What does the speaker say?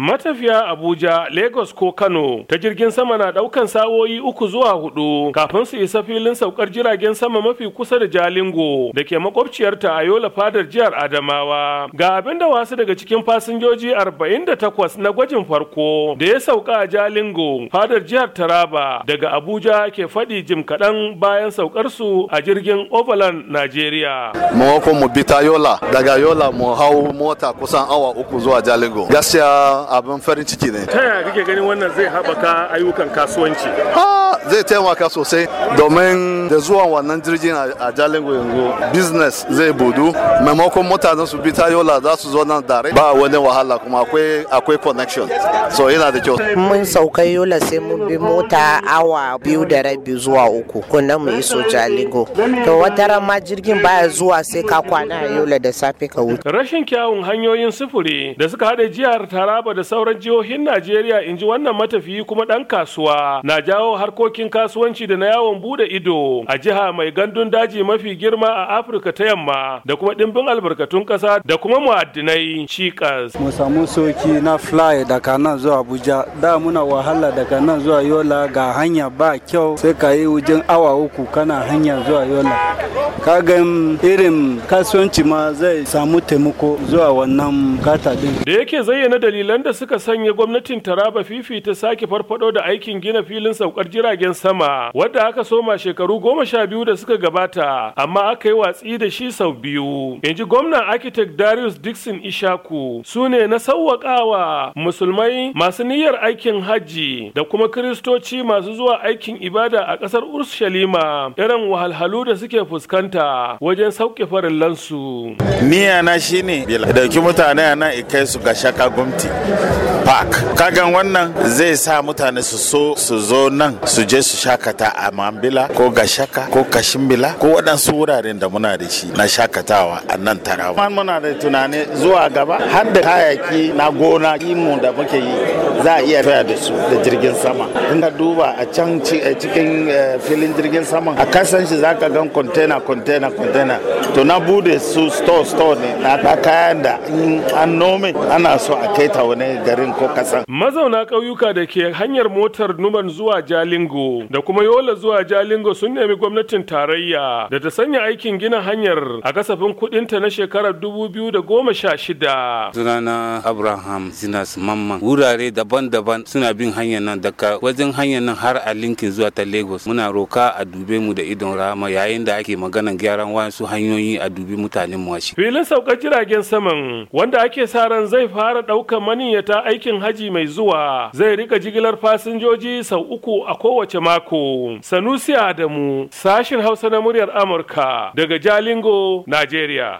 Matafiya Abuja, Lagos ko Kano ta jirgin sama na daukan sa'o'i uku zuwa hudu kafin su isa filin saukar jiragen sama mafi kusa da Jalingo da ke makwabciyarta a Yola fadar jihar Adamawa. Ga abin da wasu daga cikin fasinjoji arba'in da 48 na gwajin farko da ya sauka a Jalingo fadar jihar Taraba daga Abuja ke faɗi jim kaɗan bayan saukar su a jirgin Overland Nigeria. Mawakon mu bita Yola daga Yola mu hau mota kusan awa uku zuwa Jalingo. Gaskiya abin farin ciki ne ta yaya kake ganin wannan zai haɓaka ayyukan kasuwanci Ha zai taimaka sosai domin da zuwan wannan jirgin a jalingo yanzu business zai budu maimakon mutanen su bi ta yola za su zo nan dare ba wani wahala kuma akwai connection so yana da kyau mun sauka yola sai mun bi mota awa biyu da rabi zuwa uku kuna mu iso jalingo to wata ma jirgin baya zuwa sai ka kwana yola da safe ka wuce rashin kyawun hanyoyin sufuri da suka haɗa jihar taraba da da sauran jihohin Najeriya in ji wannan matafiyi kuma ɗan kasuwa na jawo harkokin kasuwanci da na yawon bude ido a jiha mai gandun daji mafi girma a Afirka ta yamma da kuma ɗimbin albarkatun ƙasa da kuma mu'addinai cikas. Mu samu soki na fly daga nan zuwa Abuja da muna wahala daga nan zuwa Yola ga hanya ba kyau sai ka yi wajen awa uku kana hanya zuwa Yola. Kagan irin kasuwanci ma zai samu taimako zuwa wannan kata din. Da yake zayyana dalilan dalilan da suka sanya gwamnatin Taraba fifi ta sake farfado da aikin gina filin saukar jiragen sama wadda aka soma shekaru goma sha biyu da suka gabata amma aka yi watsi da shi sau biyu. In ji gwamnan architect Darius Dixon Ishaku su ne na sauwaƙawa musulmai masu niyyar aikin hajji da kuma kiristoci masu zuwa aikin ibada a ƙasar Urshalima irin wahalhalu da suke fuskanta wajen sauke farin lansu. Niyana shine ɗauki mutane a nan ikai su ga shaka gwamnati. park kagan wannan zai sa mutane su so su zo nan su je su shakata a mambila ko gashaka ko kashimbila ko waɗansu wuraren da muna da shi na shakatawa a nan tarawa muna da tunani zuwa gaba har da kayaki na gona imu da muke yi za a iya faya da su da jirgin sama in ka duba a can eh, cikin eh, filin jirgin sama a kasan shi za ka gan container container container to na bude su store store ne na kayan da an nome ana so a kai ta mutane garin ko kasan. Mazauna ƙauyuka da ke hanyar motar numan zuwa Jalingo da kuma Yola zuwa Jalingo sun nemi gwamnatin tarayya da ta sanya aikin gina hanyar a kasafin kuɗinta na shekarar dubu biyu da goma sha shida. Sunana Abraham Sinas Mamman wurare daban-daban suna bin hanyar nan daga wajen hanyar nan har a linkin zuwa ta Lagos muna roka a dube mu da idon rama yayin da ake maganan gyaran wasu hanyoyi a dubi mutanen mu Filin saukar jiragen saman wanda ake sa ran zai fara ɗaukar mani ta aikin haji mai zuwa zai rika jigilar fasinjoji sau uku a kowace mako. Sanusi Adamu, sashin Hausa na muryar Amurka daga Jalingo, Najeriya.